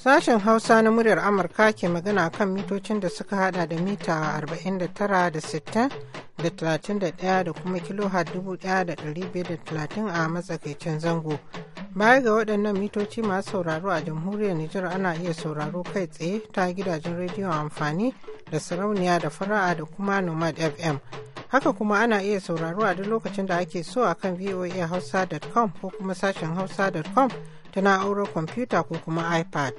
Sashen Hausa na muryar Amurka ke magana kan mitocin da suka hada da mita 49 da 60 da 31 da kuma kilo 1530 a matsakaicin zango. Baya ga waɗannan mitoci masu sauraro a jamhuriyar Nijar ana iya sauraro kai tsaye ta gidajen rediyon amfani da sarauniya da fara'a da kuma Nomad FM. Haka kuma ana iya sauraro a duk lokacin da ake so a kan voahausa.com ko kuma sashen hausa.com ta na'urar kwamfuta ko kuma iPad.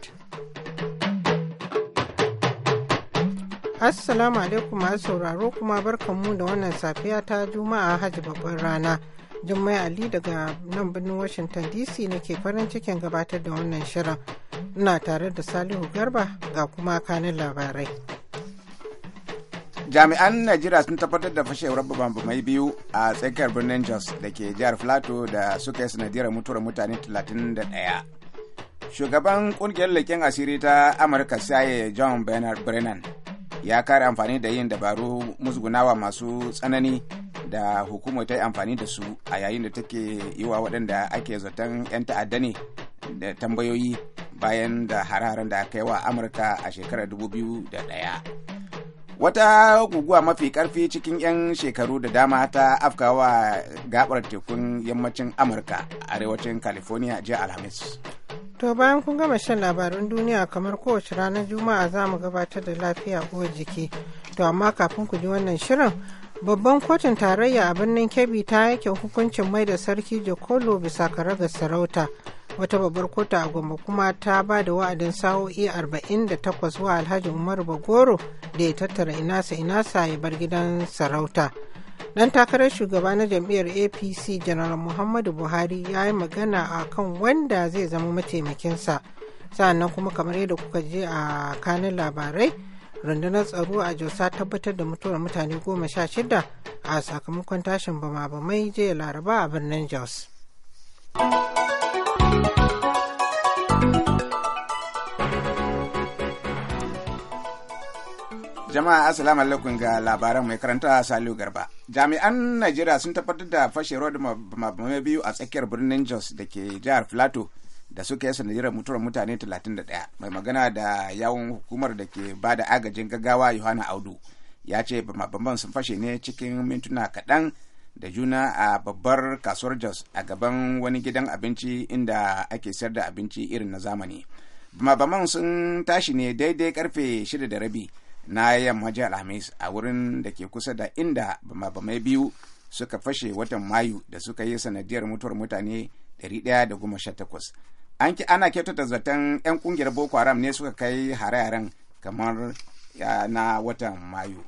Assalamu alaikum masu sauraro kuma barkanmu da wannan safiya ta Juma'a Hajji babban rana. Jummai Ali daga nan birnin Washington DC nake farin cikin gabatar da wannan shirin. Ina tare da Salihu Garba ga kuma kanin labarai. jami'an najeriya sun tabbatar da fashewar bambamai biyu a tsakiyar birnin jos da ke jihar filato da suka yi sanadiyar mutuwar mutane 31 shugaban kungiyar leƙen asiri ta amurka saye john bernard brennan ya kare amfani da yin dabaru musgunawa masu tsanani da hukumar ta yi amfani da su a yayin da take yi wa waɗanda ake zaton 'yan ta'adda ne da tambayoyi bayan da hararen da aka yi wa amurka a shekarar 2001 wata guguwa mafi karfi cikin 'yan shekaru da dama ta afkawa gabar tekun yammacin amurka arewacin california jiya alhamis to bayan kun gama shan labarun duniya kamar kowace ranar juma'a za mu gabatar da lafiya ko jiki to amma kafin ku ji wannan shirin babban kotun tarayya a birnin kebbi ta yake hukuncin mai da sarki jokolo bisa karagar sarauta wata babbar kota a goma kuma ta ba da wa'adin sa'o'i 48 wa alhaji umar bagoro da ya tattara inasa inasa ya bar gidan sarauta dan takarar shugaba na jam'iyyar apc janar muhammadu buhari ya yi magana a kan wanda zai zama mataimakinsa sa'annan kuma kamar yadda kuka je a kanin labarai rundunar tsaro a josa tabbatar da mutuwar mutane goma sha shida a sakamakon tashin bama-bamai jiya laraba a birnin jos. Jama'a Assalamu alaikum ga labaran mai karanta Salihu Garba. Jami'an Najeriya sun tabbatar da fashe fashewar mabamai biyu a tsakiyar birnin Jos da ke jihar Filato da suka yi sanadiyar mutuwar mutane 31. Mai magana da yawon hukumar da ke ba da agajin gaggawa Yohana Audu ya ce mabamban sun fashe ne cikin mintuna kaɗan da juna a babbar kasuwar Jos a gaban wani gidan abinci inda ake sayar da abinci irin na zamani. Mabaman sun tashi ne daidai karfe shida da rabi. na yamma jihar alhamis a wurin da ke kusa da inda bama-bamai biyu suka fashe watan mayu da suka yi sanadiyar mutuwar mutane 118 an ki ana kyautata zaton 'yan kungiyar boko haram ne suka kai hare-haren kamar na watan mayu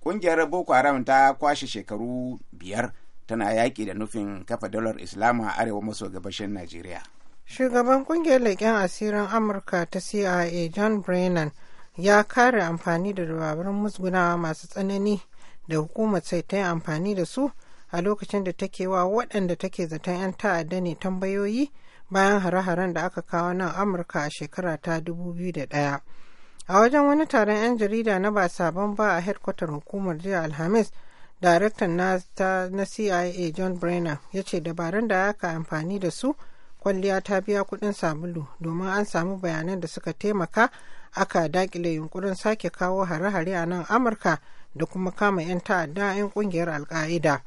kungiyar boko haram ta kwashe shekaru biyar tana yaƙi da nufin kafa dalar islama a arewa maso gabashin najeriya shugaban kungiyar leƙen asirin amurka ta cia john brennan ya kare amfani da dabarun musgunawa masu tsanani da hukumar sai ta yi amfani da su a lokacin da take wa waɗanda take zaton 'yan ta'adda ne tambayoyi bayan hare-haren da aka kawo nan amurka a shekara ta 2001 a wajen wani taron 'yan jarida na ba sabon ba a hedkwatar hukumar jiya alhamis daraktan na, na cia john brenner ya ce dabarun da aka amfani da su kwalliya ta biya kudin sabulu domin an samu bayanan da suka taimaka aka dakile yunkurin sake kawo hare-hare a nan amurka da kuma kama 'yan ta'adda 'yan kungiyar alka'ida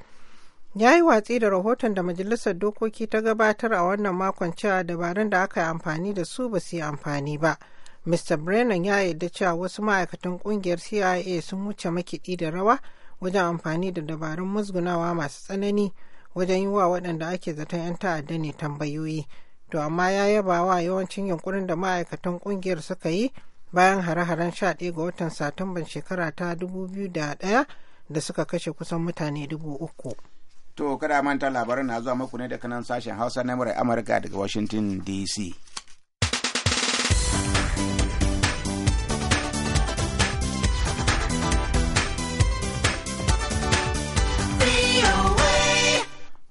ya yi watsi da rahoton da majalisar dokoki ta gabatar a wannan makon cewa dabarun da aka yi amfani da su ba su yi amfani ba mr brennan ya yarda cewa wasu ma'aikatan kungiyar cia sun wuce makiɗi da rawa wajen amfani da dabarun musgunawa masu tsanani wajen yi wa waɗanda ake zaton 'yan ta'adda ne tambayoyi to amma ya yaba wa yawancin yunkurin da ma'aikatan kungiyar suka yi bayan hare-haren 11 ga watan satumban shekara ta 2001 da ɗaya da suka kashe kusan mutane 3,000. To kada manta labarin na zuwa muku ne da kanan sashen Hausa na murai Amurka daga Washington DC.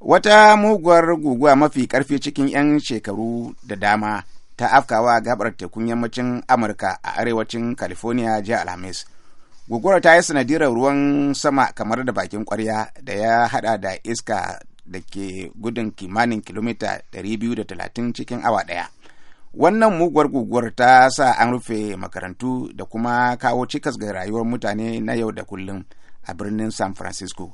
Wata muguwar guguwa mafi karfi cikin 'yan shekaru da dama ta afkawa gabar tekun yammacin amurka a arewacin california jiya alhamis guguwar ta yi sanadirar ruwan sama kamar da bakin kwarya da ya hada da iska da ke gudun kimanin kilomita 230 cikin awa daya wannan muguwar guguwar ta sa an rufe makarantu da kuma kawo cikas ga rayuwar mutane na yau da kullum a birnin san francisco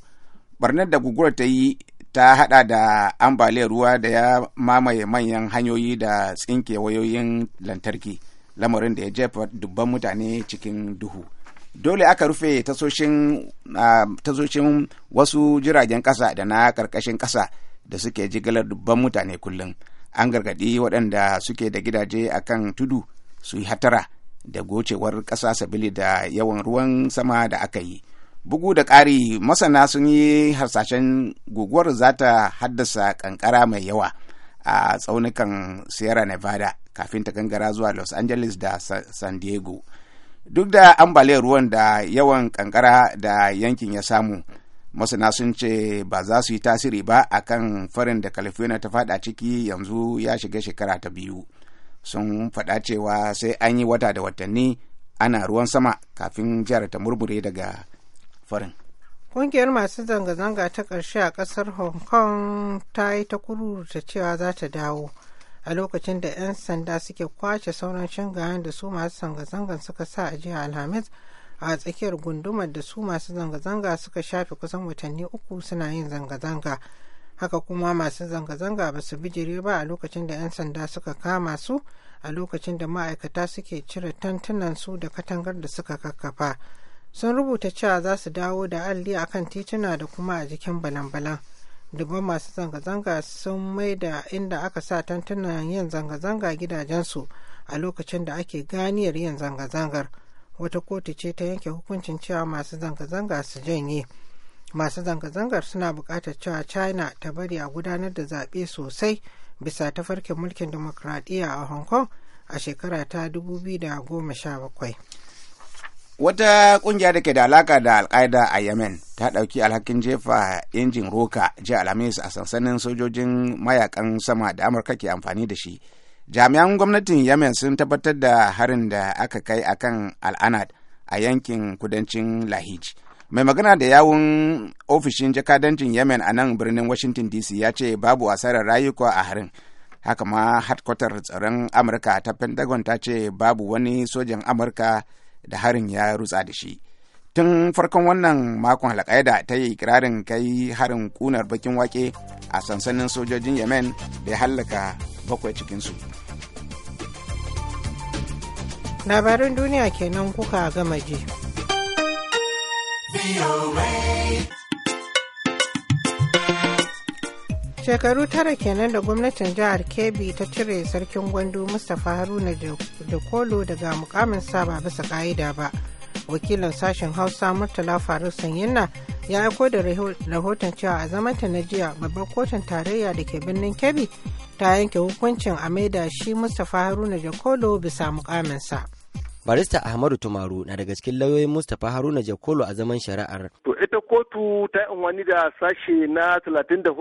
barnar da guguwar ta yi ta hada da ambaliyar ruwa da ya mamaye manyan hanyoyi da tsinke wayoyin lantarki lamarin da ya jefa dubban mutane cikin duhu dole aka rufe tasoshin wasu jiragen kasa da na karkashin kasa da suke jigilar dubban mutane kullum an gargadi waɗanda suke da gidaje a kan tudu su yi hatara da gocewar ƙasa sabili da yawan ruwan sama da aka yi bugu da ƙari masana sun yi harsashen guguwar za ta haddasa ƙanƙara mai yawa a tsaunukan sierra nevada kafin ta gangara zuwa los angeles da san diego duk da ambaliyar ruwan da yawan ƙanƙara da yankin ya samu masana sun ce ba za su yi tasiri ba a kan farin da california ta fada ciki yanzu ya shiga shekara ta biyu sun faɗa cewa sai an yi wata da watanni ana ruwan sama kafin jihar ta murmure daga farin Ƙungiyar masu zanga-zanga ta ƙarshe a ƙasar Hong Kong ta yi ta kururuta cewa za ta dawo a lokacin da 'yan sanda suke kwace sauran shingayen da su masu zanga-zangan suka sa a jiya Alhamis a tsakiyar gundumar da su masu zanga-zanga suka shafe kusan watanni uku suna yin zanga-zanga. Haka kuma masu zanga-zanga ba su bijire ba a lokacin da 'yan sanda suka kama su a lokacin da ma'aikata suke cire tantunan su da katangar da suka kakkafa. sun rubuta cewa za su dawo da alli a kan tituna da kuma a jikin balan-balan dubban masu zanga-zanga sun mai da inda aka sa tantunan yin zanga-zanga gidajensu a lokacin da ake ganiyar yin zanga-zangar wata kotu ce ta yanke hukuncin cewa masu zanga-zanga su janye masu zanga-zangar suna buƙatar cewa china ta bari a gudanar da zaɓe sosai bisa tafarkin mulkin dimokuraɗiyya a hong kong a shekara ta 2017 wata kungiya da ke da alaka da alkaida a yemen ta ɗauki alhakin jefa injin roka jiya alhamis a sansanin sojojin mayakan sama da amurka ke amfani da shi jami'an gwamnatin yemen sun tabbatar da harin da aka kai a kan al'anad a yankin kudancin lahij mai magana da yawun ofishin jakadancin yemen a nan birnin washington dc ya ce babu asarar rayuka a harin haka ma hadkwatar tsaron amurka ta pentagon ta ce babu wani sojan amurka da harin ya rutsa da shi tun farkon wannan makon alƙaida ta yi ikirarin kai harin kunar bakin wake a sansanin sojojin yemen da ya hallaka bakwai cikinsu labarin duniya kenan kuka gama ji. shekaru tara kenan da gwamnatin jihar kebbi ta cire sarkin gwandu mustapha haruna da kolo daga mukamin sa ba bisa ka'ida ba wakilin sashen hausa murtala faruk sanyina ya aiko da rahoton cewa a zamanta na jiya babbar kotun tarayya da ke birnin kebbi ta yanke hukuncin a maida shi mustapha haruna jakolo bisa mukaminsa. barista ahmadu tumaru na daga cikin lauyoyin mustapha haruna jakolo a zaman shari'ar to ita kotu ta yi wani da sashe na talatin da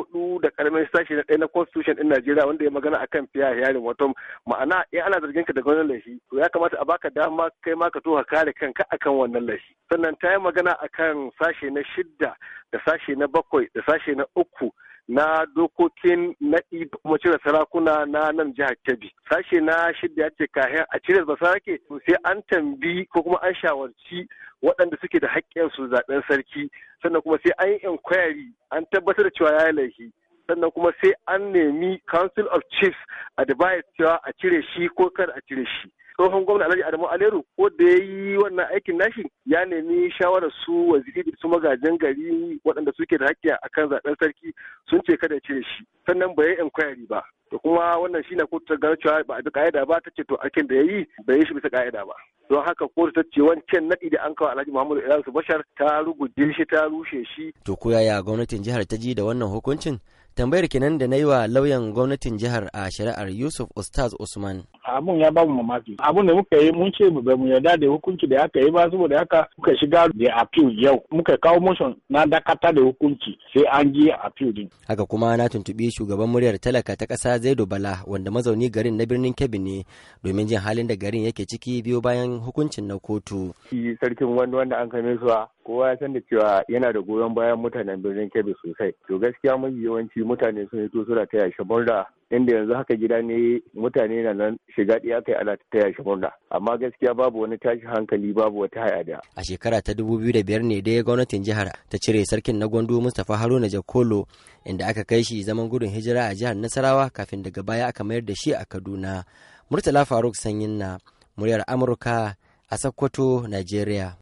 karamin sashe na ɗaya na constitution ɗin najeriya wanda ya magana akan fiya yarin wato ma'ana in eh, ana zargin ka da wannan laifi to ya kamata a baka dama kai ma ka tuka kare kanka akan wannan laifi sannan ta yi magana akan sashe na shidda da sashe na bakwai da sashe na uku na dokokin naɗi kuma cire sarakuna na nan jihar Kebbi. Sashe na shidda ya ce kayan a cire basarake sai an tambi ko kuma an shawarci waɗanda suke da haƙƙin su zaɓen sarki sannan kuma sai an yi inquiry an tabbatar da cewa ya yi laifi. sannan kuma sai an nemi council of chiefs advice cewa a cire shi ko kar a cire shi tsohon gwamna alhaji adamu aleru ko da ya yi wannan aikin nashi ya nemi shawarar su waziri da su magajin gari waɗanda suke da haƙƙi kan zaɓen sarki sun ce kada ce shi sannan bai yi inquiry ba to kuma wannan shine kotu ta gano cewa ba a bi ka'ida ba ta ce to aikin da ya yi bai yi shi bisa ka'ida ba don haka kotu ta ce wancan naɗi da an kawo alhaji muhammadu ilhamu bashar ta ruguje shi ta rushe shi to ko yaya gwamnatin jihar ta ji da wannan hukuncin tambayar kenan da na yi wa lauyan gwamnatin jihar a shari'ar yusuf ustaz usman abun ya ba mu mamaki abun da muka yi mun ce ba mu yarda da hukunci da aka yi ba saboda haka muka shiga da appeal yau muka kawo motion na dakata da hukunci sai an ji appeal din haka kuma na tuntubi shugaban muryar talaka ta ƙasa zaidu bala wanda mazauni garin na birnin kebbi ne domin jin halin da garin yake ciki biyu bayan hukuncin na kotu sarkin wani wanda an kame su kowa ya san da cewa yana da goyon bayan mutanen birnin kebbi sosai to gaskiya yi yawanci mutane sun hito suna ta shi murna inda yanzu haka gida ne mutane na nan shiga ɗaya kai ana ta shi murna amma gaskiya babu wani tashi hankali babu wata hayada a shekara ta dubu biyu da biyar ne dai gwamnatin jihar ta cire sarkin na gwandu mustapha haruna jakolo inda aka kai shi zaman gudun hijira a jihar nasarawa kafin daga baya aka mayar da shi a kaduna murtala faruk sanyin na muryar amurka a sokoto nigeria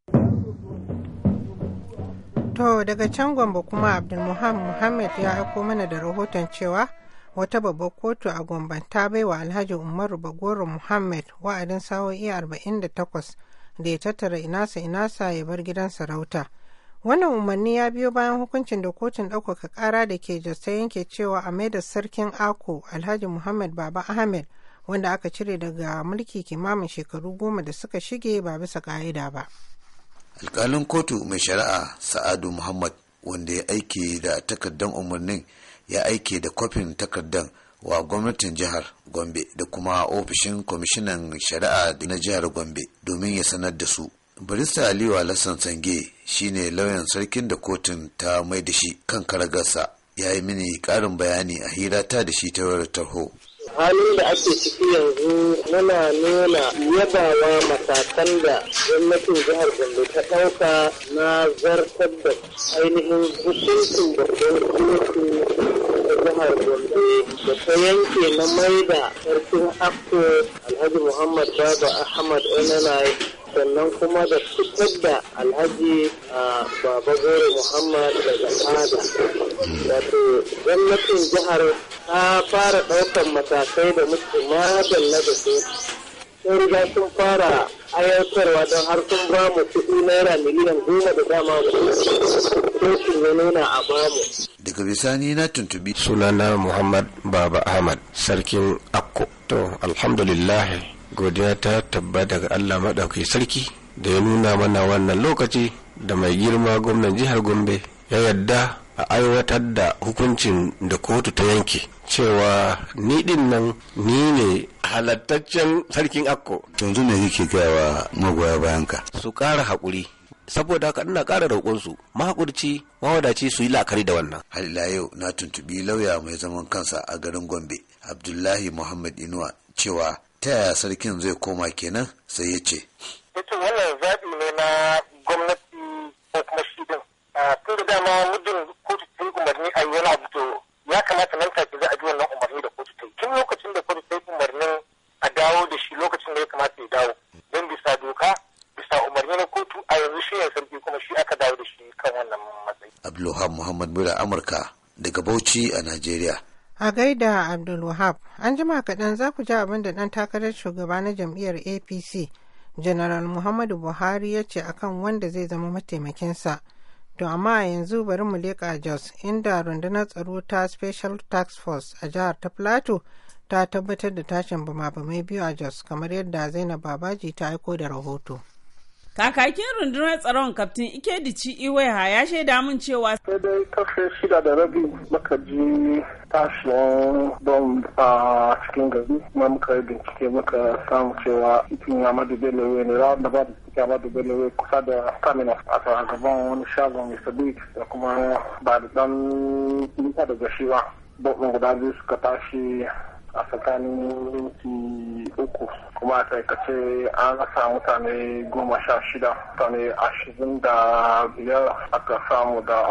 To daga can Gombe kuma abdul Muhammad ya aiko mana da rahoton cewa wata babbar kotu a Gombe ta baiwa Alhaji Umaru Bagoro Muhammad wa'adin sawo'i 48 da ya tattara inasa inasa ya bar gidan sarauta. Wannan umarni ya biyo bayan hukuncin da kotun ɗaukaka ƙara da ke jasta yanke cewa a maida sarkin Ako Alhaji Muhammad Baba Ahmed wanda aka cire daga mulki kimamin shekaru goma da suka shige ba bisa ƙa'ida ba. alkalin kotu mai shari'a sa'adu muhammad wanda ya aike da takardar umarnin ya aike da kwafin takardar wa gwamnatin jihar gombe da kuma ofishin kwamishinan shari'a na jihar gombe domin ya sanar da su barista aliyu alassan sange shine lauyan sarkin da kotun ta mai da shi kan karagarsa ya yi mini karin bayani a hira ta da shi ta wayar tarho halin da ake ciki yanzu muna nuna yabawa matakan da gwamnatin jihar Gombe ta ɗauka na zartar da ainihin hukuncin da gwamnati ta jihar Gombe da ta yanke na maida sarkin Akko Alhaji Muhammad Baba Ahmad Onanai sannan kuma da fitar da alhaji a baba muhammad daga fada wato gwamnatin jihar ta fara ɗaukar matakai da muke na da su sun riga sun fara ayyukarwa don har sun ba mu kuɗi naira miliyan goma da dama mu sun ne nuna a bamu. daga bisani na tuntubi sunana muhammad baba ahmad sarkin akko to alhamdulillah godiya ta tabba daga allah maɗauki sarki da ya nuna mana wannan lokaci da mai girma gwamnan jihar gombe ya yadda A aiwatar da hukuncin da kotu ta yanke cewa ni din nan ni ne halattaccen sarkin akko yanzu ne yake gawa magoya bayanka su ƙara haƙuri saboda haka ina ƙara su, mahaƙurci mawadaci su yi la'akari da wannan halila yau na tuntubi lauya mai zaman kansa a garin gombe abdullahi muhammad inuwa cewa ta yaya sarkin zai koma kenan sai ya ce wannan zaɓi ne na gwamnati tun da dama muddin kotu ta yi umarni a yi yana abu ya kamata nan take za a ji wannan umarni da kotu ta yi tun lokacin da kotu ta yi umarnin a dawo da shi lokacin da ya kamata ya dawo don bisa doka bisa umarni na kotu a yanzu shi ne sarki kuma shi aka dawo da shi kan wannan matsayi. Abdulwahab Muhammad Mura Amurka daga Bauchi a Najeriya. A gaida Abdulwahab, an jima kaɗan za ku ji abin da ɗan takarar shugaba na jam'iyyar APC, General Muhammadu Buhari ya ce akan wanda zai zama mataimakinsa. To amma yanzu bari mu leƙa Jos inda rundunar tsaro ta Special Task Force a jihar ta Plateau ta tabbatar da tashin bama biyu a Jos kamar yadda Zainab Babaji ta aiko da rahoto. Kakakin rundunar tsaron kaftin Ikedici Iweha ya shaida mun cewa sai dai karfe shida da rabi maka ji tashin don a cikin gari kuma muka yi bincike muka samu cewa itin ya madu belewe ne rawar da ba da suke madu belewe kusa da stamina a gaban wani shagon Mr. Biggs da kuma ba da dan nita da gashiwa. Bom guda biyu suka tashi a tsakanin minti uku kuma a taikace an rasa mutane goma sha shida mutane ashirin da biyar aka samu da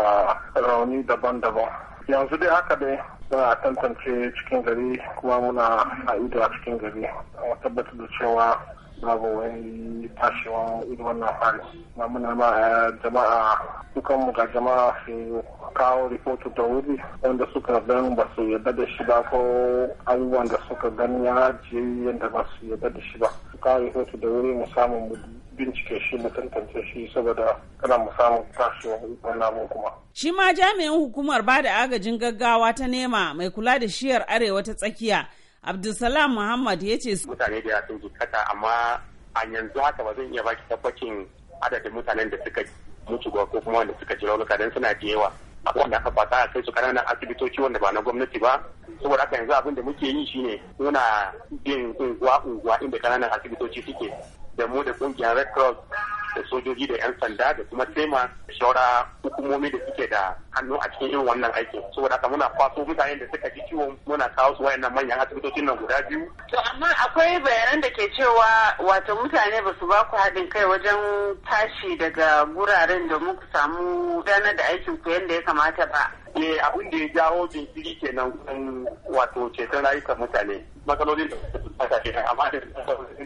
rauni daban-daban yanzu dai haka dai muna tantance cikin gari kuma muna a ido a cikin gari a tabbatar da cewa babu wani tashiwa irin wannan hali na muna ma eh, jama'a dukan mu ga jama'a su kawo rahoto da wuri wanda suka gan ba su yarda da shi ba ko abubuwan da suka gan ya je yadda ba su yadda da shi ba su kawo rahoto da wuri mu samu mu bincike shi mu tantance shi saboda kana mu samu tashiwa wannan abun kuma. Shi ma jami'in hukumar ba da agajin gaggawa ta nema mai kula da shiyar arewa ta tsakiya Abdulsalam Muhammad ya ce mutane da sun zukata amma a yanzu haka ba zan iya baki tabbacin adadin mutanen da suka mutu ba ko kuma wanda suka ji raunuka don suna da yawa a wanda aka fata a kai su kananan asibitoci wanda ba na gwamnati ba saboda haka yanzu abin da muke yi shine muna bin unguwa unguwa inda kananan asibitoci suke da mu da kungiyar red cross da sojoji da 'yan sanda da kuma tema shaura hukumomi da suke da hannu a cikin irin wannan aikin saboda haka muna kwaso mutanen da suka ji ciwon muna kawo su wayannan manyan asibitocin nan guda biyu. to amma akwai bayanan da ke cewa wato mutane ba su ba ku haɗin kai wajen tashi daga guraren da muku samu gudanar da aikin ku yadda ya kamata ba. eh abin da ya jawo jinkiri kenan wato ceton rayukan mutane matsalolin da suka fi amma da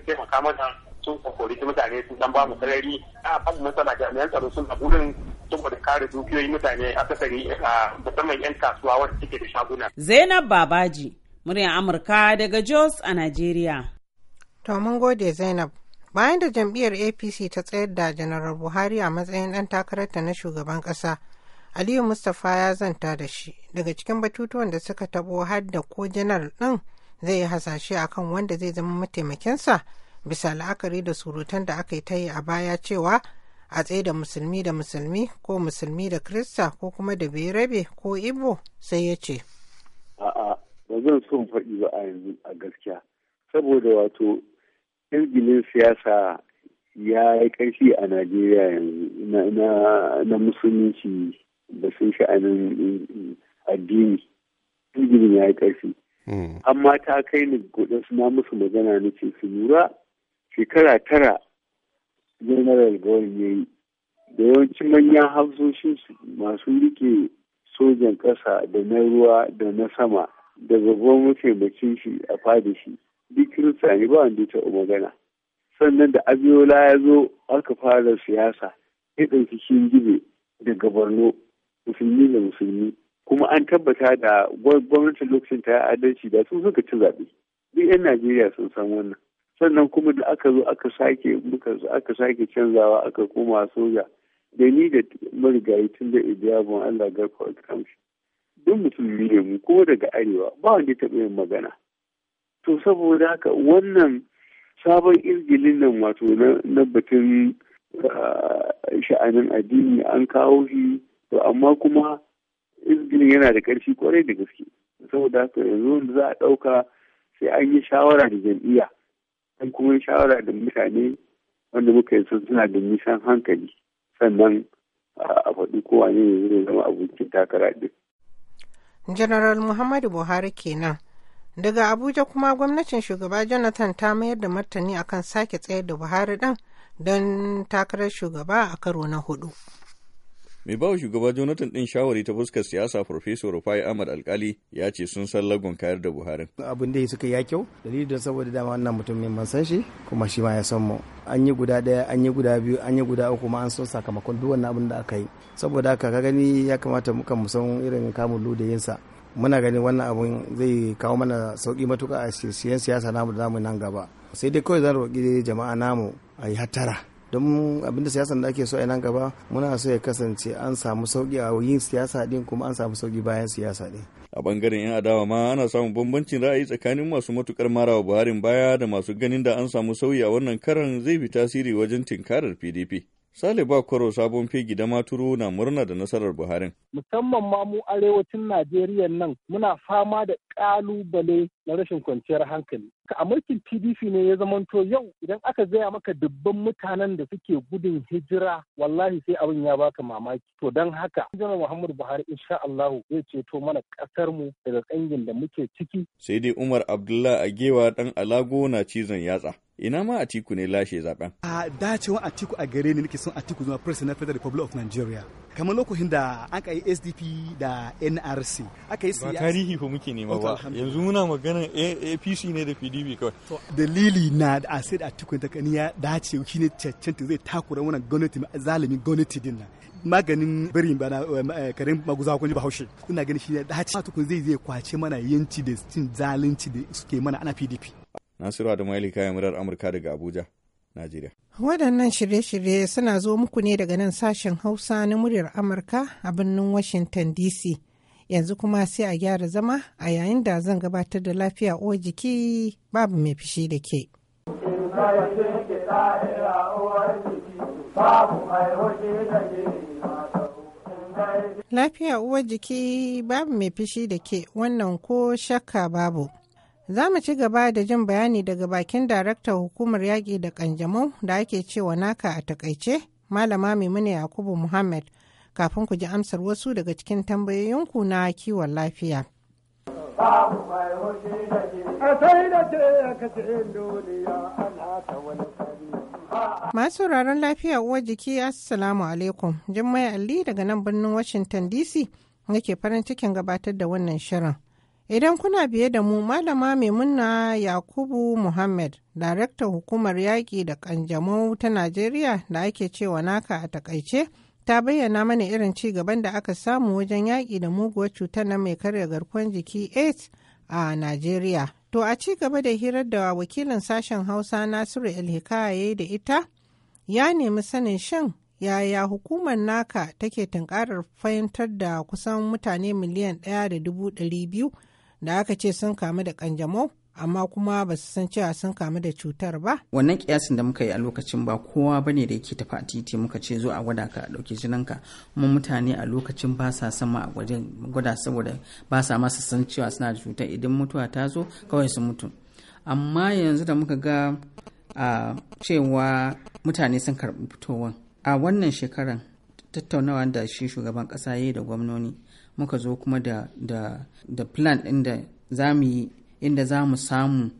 taimaka mana sun kokori mutane sun dan ba mu sarari a kan masana jami'an tsaro sun a gurin saboda kare dukiyoyi mutane a kasari musamman yan kasuwa wanda suke da shaguna. Zainab Babaji, muryar Amurka daga Jos a Najeriya. To mun gode Zainab. Bayan da jam'iyyar APC ta tsayar da Janaral Buhari a matsayin ɗan takararta na shugaban ƙasa, Aliyu Mustapha ya zanta da shi daga cikin batutuwan da suka taɓo har da ko janar ɗin zai yi hasashe akan wanda zai zama mataimakinsa bisa la'akari da surutan da aka yi ta yi a baya cewa a tsaye da musulmi da musulmi ko musulmi da krista ko kuma da rabe ko ibo sai ya ce a'a ba zan so in faɗi ba a yanzu a gaskiya saboda wato irginin siyasa ya yi ƙarfi a najeriya yanzu na musulunci da sun sha'anin addini irginin ya yi ƙarfi hmm. amma ta kai ni gudun suna musu magana na ce su lura shekara tara general gori ya yi da yawancin manyan hafsoshin masu rike sojan ƙasa da na ruwa da na sama da babban mataimakin shi a fada shi duk kirista ne ba wanda ta magana sannan da abiola ya zo aka fara siyasa ya ɗauki gibe daga borno musulmi da musulmi kuma an tabbata da gwamnatin lokacin ta adalci da su suka ci zaɓe duk 'yan najeriya sun san wannan sannan kuma da aka zo aka sake aka sake canzawa aka koma soja da ni da marigayi tun da ibiyabun Allah garkuwa kamshi duk mutum ne mu ko daga arewa ba wanda taɓa yin magana to saboda haka wannan sabon izgilin nan wato na batun ah, sha'anin addini an kawo shi to amma kuma izgilin yana da ƙarfi kwarai da gaske saboda haka yanzu za a ɗauka sai an yi shawara da jam'iyya dan kuma shawara da mutane wanda muka yi suna da nisan hankali sannan a faɗi kowa ne zai zama abokin takara ɗin. General Muhammadu Buhari kenan. Daga Abuja kuma gwamnatin shugaba Jonathan ta mayar da martani akan sake tsayar da Buhari ɗan don takarar shugaba a karo na hudu. Mai bawa shugaba Jonathan din shawari ta fuskar siyasa Farfesa Rufai Ahmad Alkali ya ce sun san lagon kayar da Buhari. Abin da suka ya kyau, dalilin da saboda dama wannan ne man san shi kuma shi ma ya san mu. An yi guda ɗaya, an yi guda biyu, an yi guda uku ma an san sakamakon duk wannan abin da aka yi. Saboda haka ka gani ya kamata muka mu san irin kamun sa Muna ganin wannan abun zai kawo mana sauki matuka a siyan siyasa namu da zamu nan gaba. Sai dai kawai zan roƙi jama'a namu a yi hattara. don abinda siyasan da ake so a nan gaba muna so ya kasance an samu sauki a yin siyasa din kuma an samu sauki bayan siyasa din a bangaren 'yan adawa ma ana samun bambancin ra'ayi tsakanin masu matukar marawa buharin baya da masu ganin da an samu sauyi a wannan karan zai bi tasiri wajen tinkarar pdp Sale Bakwaro sabon fegi da maturu na murna da nasarar Buharin. Musamman ma mu arewacin Najeriya nan muna fama da ƙalubale na rashin kwanciyar hankali. A mulkin PDP ne ya zamanto yau idan aka gaya maka dubban mutanen da suke gudun hijira wallahi sai abin ya baka mamaki. To don haka Janar Muhammadu Buhari insha Allahu zai ceto mana ƙasar mu daga tsangin da muke ciki. Sai dai Umar Abdullahi Agewa dan Alago na cizon yatsa. ina ma Atiku ne lashe zaben. A dacewa Atiku a gare ni nake son Atiku zuwa President of Federal Republic of Nigeria. Kamar lokacin da an yi SDP da NRC aka yi siyasa. Ba tarihi ko muke nema ba. Yanzu muna magana APC ne da PDP kawai. Dalili na da a said Atiku ta kani ya dace shi ne cancanta zai takura wannan gwamnati zalimin gwamnati din nan. maganin birin bana eh, eh, karin maguza kun ji bahaushe ina ganin shi ya dace Atiku zai zai kwace mana yanci da cin zalunci da suke mana ana PDP Nasiru Adamaili kayan murar Amurka daga Abuja, Najeriya. Waɗannan shirye-shirye suna zo muku ne daga nan sashen Hausa na muryar Amurka a birnin Washington DC. Yanzu kuma sai a gyara zama a yayin da zan gabatar da lafiya uwar jiki babu mai fishi da ke. Lafiya uwar jiki babu mai fishi da ke wannan ko shakka babu. Za mu ci gaba da jin bayani daga bakin daraktar hukumar yaƙi da ƙanjamau da ake cewa naka a takaice, Malama Maimuna Yakubu Muhammad, kafin ku ji amsar wasu daga cikin tambayoyinku na kiwon lafiya. Masu sauraron lafiya uwar jiki Assalamu alaikum. Jummai Ali daga nan birnin Washington DC nake farin cikin gabatar da wannan shirin. Idan kuna biye da mu Malama Maimuna Yakubu Muhammad, Daraktan Hukumar Yaƙi da Ƙanjamau ta Najeriya da ake cewa naka a takaice, ta bayyana mana irin ci gaban da aka samu wajen yaƙi da muguwar cuta na mai karya garkuwar jiki AIDS a Najeriya. To a ci gaba da hirar da wakilin sashen Hausa Nasiru Ilhikaye da ita, ya nemi sanin shin yaya hukumar naka take tunkarar fahimtar da kusan mutane miliyan ɗaya da dubu ɗari biyu da aka ce sun kamu da kanjamau amma kuma ba su san cewa sun kamu da cutar ba. Wannan kiyasin da muka yi a lokacin ba kowa ba ne da yake tafi a titi muka ce zo a gwada ka a ɗauki jininka kuma mutane a lokacin ba sa sama a gwada saboda ba sa masu san cewa suna da cutar idan mutuwa ta zo kawai su mutu. Amma yanzu da muka ga a cewa mutane sun karɓi fitowar a wannan shekaran tattaunawa da shi shugaban ƙasa ya yi da gwamnoni muka zo kuma da da da plan ɗin za mu yi inda za mu samu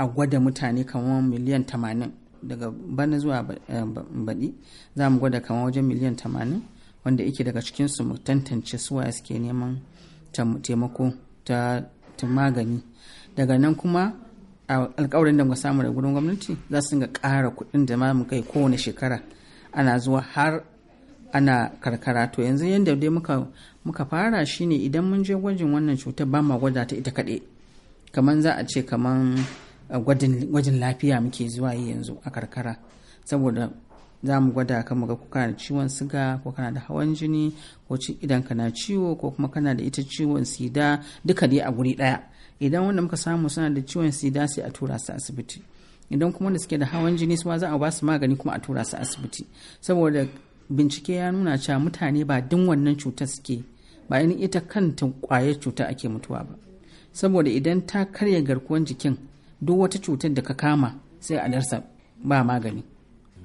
a gwada mutane kamar miliyan tamanin daga bana zuwa eh, baɗi za mu gwada kamar wajen miliyan tamanin wanda yake daga cikinsu mu tantance suwa suke neman taimako ta magani daga nan kuma a alkawarin da muka samu da gudun gwamnati za su ga ƙara kuɗin da mu kai kowane shekara ana zuwa har ana karkara to yanzu yadda dai muka muka fara shine idan mun je gwajin wannan cutar ba ma gwada ta ita kaɗai kamar za a ce kamar eh, gwajin lafiya muke zuwa yi yanzu a karkara saboda za mu gwada ka muga ko kana da ciwon siga ko kana da hawan jini ko idan kana ciwo ko kuma kana da ita ciwon sida duka dai a guri daya idan wanda muka samu suna da ciwon sida sai a tura su asibiti idan kuma da suke da hawan jini suwa za a ba magani kuma a tura su asibiti saboda bincike ya nuna cewa mutane ba din wannan cutar suke ba in ita kanta kwayar cuta ake mutuwa ba saboda idan ta karya garkuwar jikin duk wata cutar da ka kama sai a darsa ba magani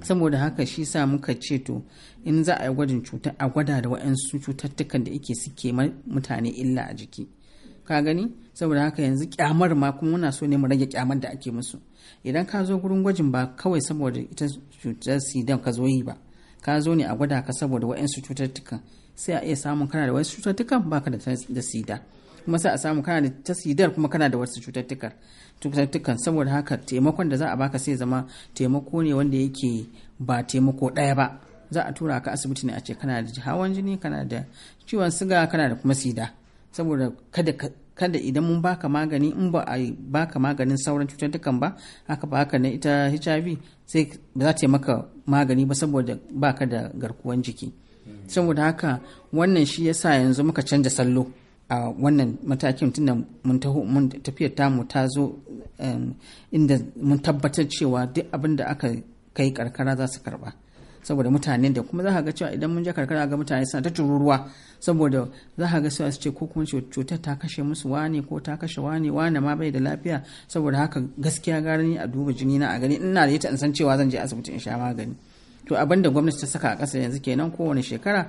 saboda haka shi sa muka ce to in za a yi gwajin cuta a gwada da waɗansu cututtukan da ike suke mutane illa a jiki ka gani saboda haka yanzu kyamar ma kuma muna so ne mu rage kyamar da ake musu idan ka zo gurin gwajin ba kawai saboda ita cutar sidan ka zo yi ba ka zo ne a gwada ka saboda wa'insu cututtukan sai a iya samun kana da wasu cututtukan baka da sida kuma sai a samu kana da ta sidar kuma kana da wasu cututtukan cututtukan saboda haka taimakon da za a baka sai zama taimako ne wanda yake ba taimako ɗaya ba za a tura ka asibiti ne a ce kana da hawan jini kana da ciwon siga kana da kuma sida saboda kada kada idan mun baka magani in ba a baka maganin sauran cututtukan ba haka baka na ita HIV sai ba za ta maka magani ba saboda baka da garkuwan jiki saboda haka wannan shi ya sa yanzu muka canja sallo a wannan matakin tunda mun mun tafiyar ta zo inda mun tabbatar cewa duk abin da aka kai karkara za su karba saboda mutanen da kuma za ka ga cewa idan mun je karkara ga mutane suna ta tururuwa saboda za ka ga cewa su ce ko kuma cutar ta kashe musu wane ko ta kashe wane wane ma bai da lafiya saboda haka gaskiya gani a duba jini na a gani ina da ita in san cewa zan je asibiti in sha magani to abin da gwamnati ta saka a kasa yanzu kenan kowane shekara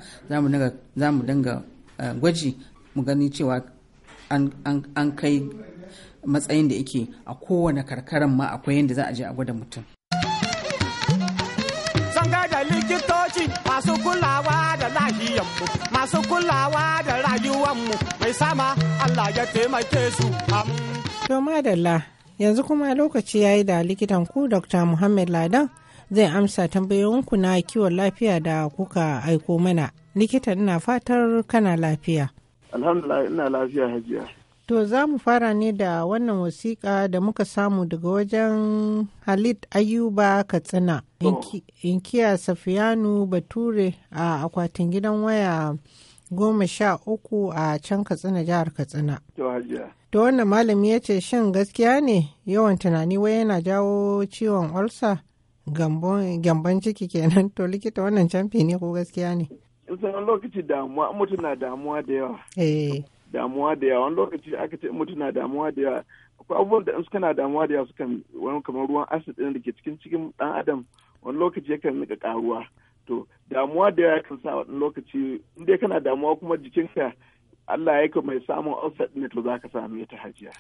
za mu dinga eh, gwaji mu gani cewa an kai matsayin da yake a kowane karkaran ma akwai yadda za a je a gwada mutum lahiyanmu masu kulawa da rayuwanmu mai sama Allah ya taimake su To madalla yanzu kuma lokaci yayi da likitan ku Dr. Muhammad Ladan zai amsa tambayoyinku na kiwon lafiya da kuka aiko mana. Likita ina fatar kana lafiya. Alhamdulillah ina lafiya hajiya. To za mu fara ne da wannan wasiƙa da muka samu daga wajen Halit Ayuba Katsina, inkiya Safiyanu Bature a akwatin gidan waya goma sha uku a can Katsina jihar Katsina. To wannan malami ya ce shin gaskiya ne yawan tunani wai yana jawo ciwon olsa gamban ciki kenan to likita wannan camfi ne ko gaskiya ne? lokaci damuwa mutum na damuwa da yawa. Eh. damuwa da yawa wani lokaci aka ce mutum na damuwa da yawa akwai abubuwan da in suka na damuwa da yawa sukan wani kamar ruwan acid ɗin da ke cikin cikin ɗan adam wani lokaci yakan nika karuwa to damuwa da yawa kan sa wani lokaci in dai kana damuwa kuma jikinka Allah ya mai samun ulcer ne to za ka same ta hajiya.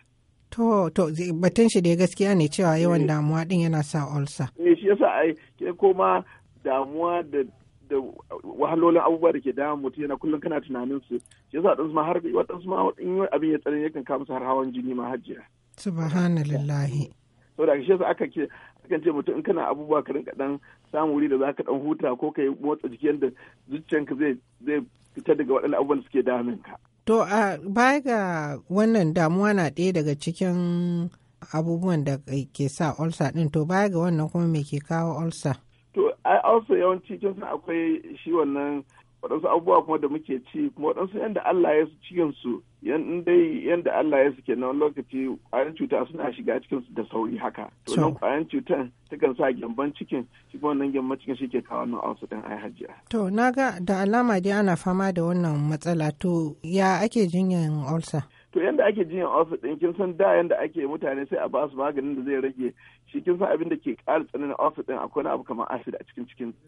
To, to, batun shi da gaskiya ne cewa yawan eh. damuwa ɗin yana sa ulcer. Eh, shi yasa ai, ke koma damuwa da da wahalolin abubuwa da ke damun mutum yana kullum kana tunanin su shi yasa dan ma har su ma in abin ya tsare yakan kawo musu har hawan jini ma hajjiya subhanallahi da shi yasa aka ce akan ce mutum in kana abubuwa ka rinka ɗan samu wuri da zaka dan huta ko ka yi motsa jiki yadda zuciyanka zai zai fita daga waɗannan abubuwan da suke damun ka to a baya ga wannan damuwa na ɗaya daga cikin abubuwan da ke sa ulcer din to baya ga wannan kuma me ke kawo ulcer to ai also yawanci kin san akwai shi wannan waɗansu abubuwa kuma da muke ci kuma waɗansu yadda Allah ya su cikin su dai yadda Allah ya su ke nan lokaci ƙwayan cuta suna shiga cikin su da sauri haka to nan ƙwayan cutan takan sa gyamban cikin shi kuma wannan gyamban cikin shi ke kawo wannan ausu ɗin ai hajiya. to na ga da alama dai ana fama da wannan matsala to ya ake jinyan ulcer. to yadda ake jinyan ulcer ɗin kin san da yadda ake mutane sai a ba su maganin da zai rage shi kin san abin da ke ƙara tsananin acid din akwai abu kamar acid a cikin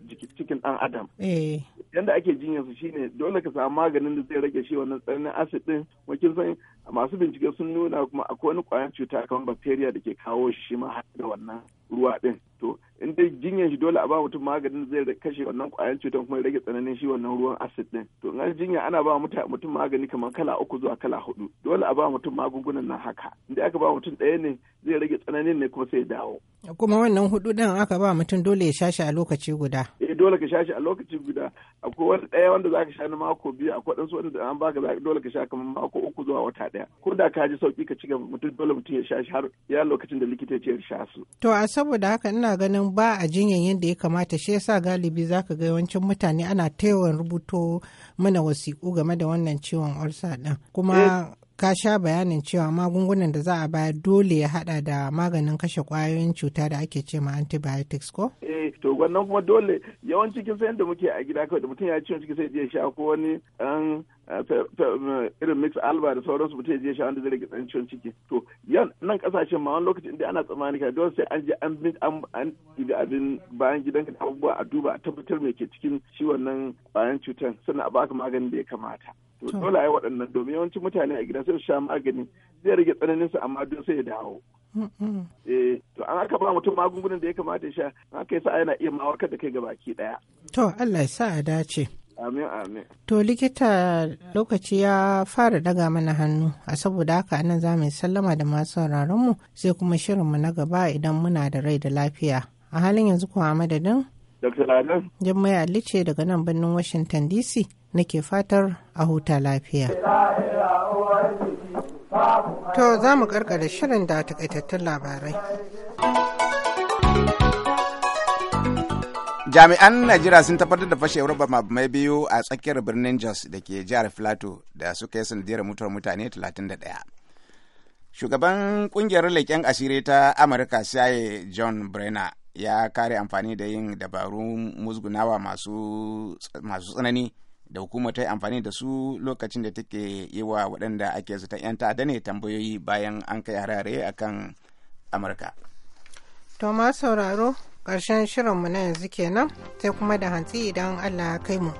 cikin cikin dan adam eh. yanda ake jinyar su shine dole ka samu maganin da zai rage shi wannan tsananin acid din kin san masu bincike sun nuna kuma akwai wani ƙwayar cuta kamar bacteria da ke kawo shi ma da wannan ruwa din to in dai jinyar shi dole a ba mutum maganin zai kashe wannan kwayan cutar kuma rage tsananin shi wannan ruwan acid din to in jinya ana ba mutum magani kamar kala uku zuwa kala hudu dole a ba mutum magungunan nan haka in dai aka ba mutum ɗaya ne zai rage tsananin ne kuma sai dawo kuma wannan hudu din aka ba mutum dole ya shashi a lokaci guda eh dole ka shashi a lokaci guda akwai wani ɗaya wanda zaka sha na mako biyu akwai ɗansu wanda an baka zaka dole ka sha kamar mako uku zuwa wata ɗaya ko da ka ji sauki ka ci gaba mutum dole mutum ya shashi har ya lokacin da likita ya ce ya sha su to a saboda haka ina ganin ba a jinyan yadda ya kamata shi yasa galibi za ka ga yawancin mutane ana taiwon rubuto mana wasiƙu game da wannan ciwon olsa ɗin kuma eh. ka sha bayanin cewa magungunan da za a bayar dole ya hada da maganin kashe kwayoyin cuta da ake ce ma antibiotics ko? Eh, to wannan kuma dole yawanci kin san yadda muke a gida kawai da mutum ya ciwon cikin sai ya sha ko wani Eh, irin mix alba da sauransu mutum je sha wanda zai rage tsancin ciki to yan nan kasashen ma wani lokacin inda ana tsammani ka dole sai an je an bi an abin bayan gidanka da abubuwa a duba a tabbatar me ke cikin shi wannan bayan cutar sannan a baka maganin da ya kamata to dole ai waɗannan domin yawancin mutane a gida sai su sha magani zai rage tsananin su amma don sai ya dawo eh to an aka ba mutum magungunan da ya kamata ya sha kai sa'a yana iya mawakar da kai gabaki ɗaya. to Allah ya sa a dace Amin amin. To likita lokaci ya fara daga mana hannu a saboda haka nan za mu sallama da masu mu sai kuma shirin mu na gaba idan muna da rai da lafiya. A halin yanzu kuwa madadin? Dr. Adam. Jummai daga nan birnin Washington DC nake fatar a huta lafiya. To za mu karkare shirin da takaitattun labarai. jami'an najeriya sun tabbatar da fashewar mai biyu a tsakiyar birnin jos da ke jihar filato da suka yi sanadiyar mutuwar mutane 31 shugaban kungiyar leƙen asiri ta amurka siyaye john brenner ya kare amfani da yin dabaru musgunawa masu tsanani da hukumar ta yi amfani da su lokacin da take yi wa waɗanda ake zaton 'yan ta'adda ne tambayoyi bayan an kai harare akan amurka. Toma sauraro ƙarshen shirinmu na yanzu kenan sai kuma da hantsi idan allah ya kai mu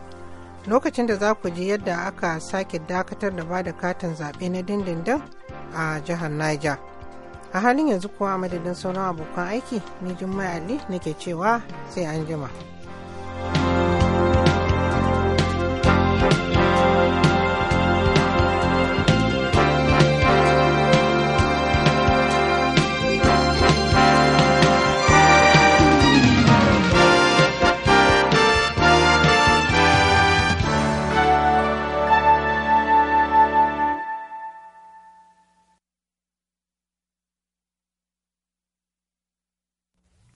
lokacin da za ku ji yadda aka sake dakatar da bada katin zaɓe na dindindin a jihar niger a halin yanzu kuwa madadin sauran abokan aiki ni jummai ali nake cewa sai an jima.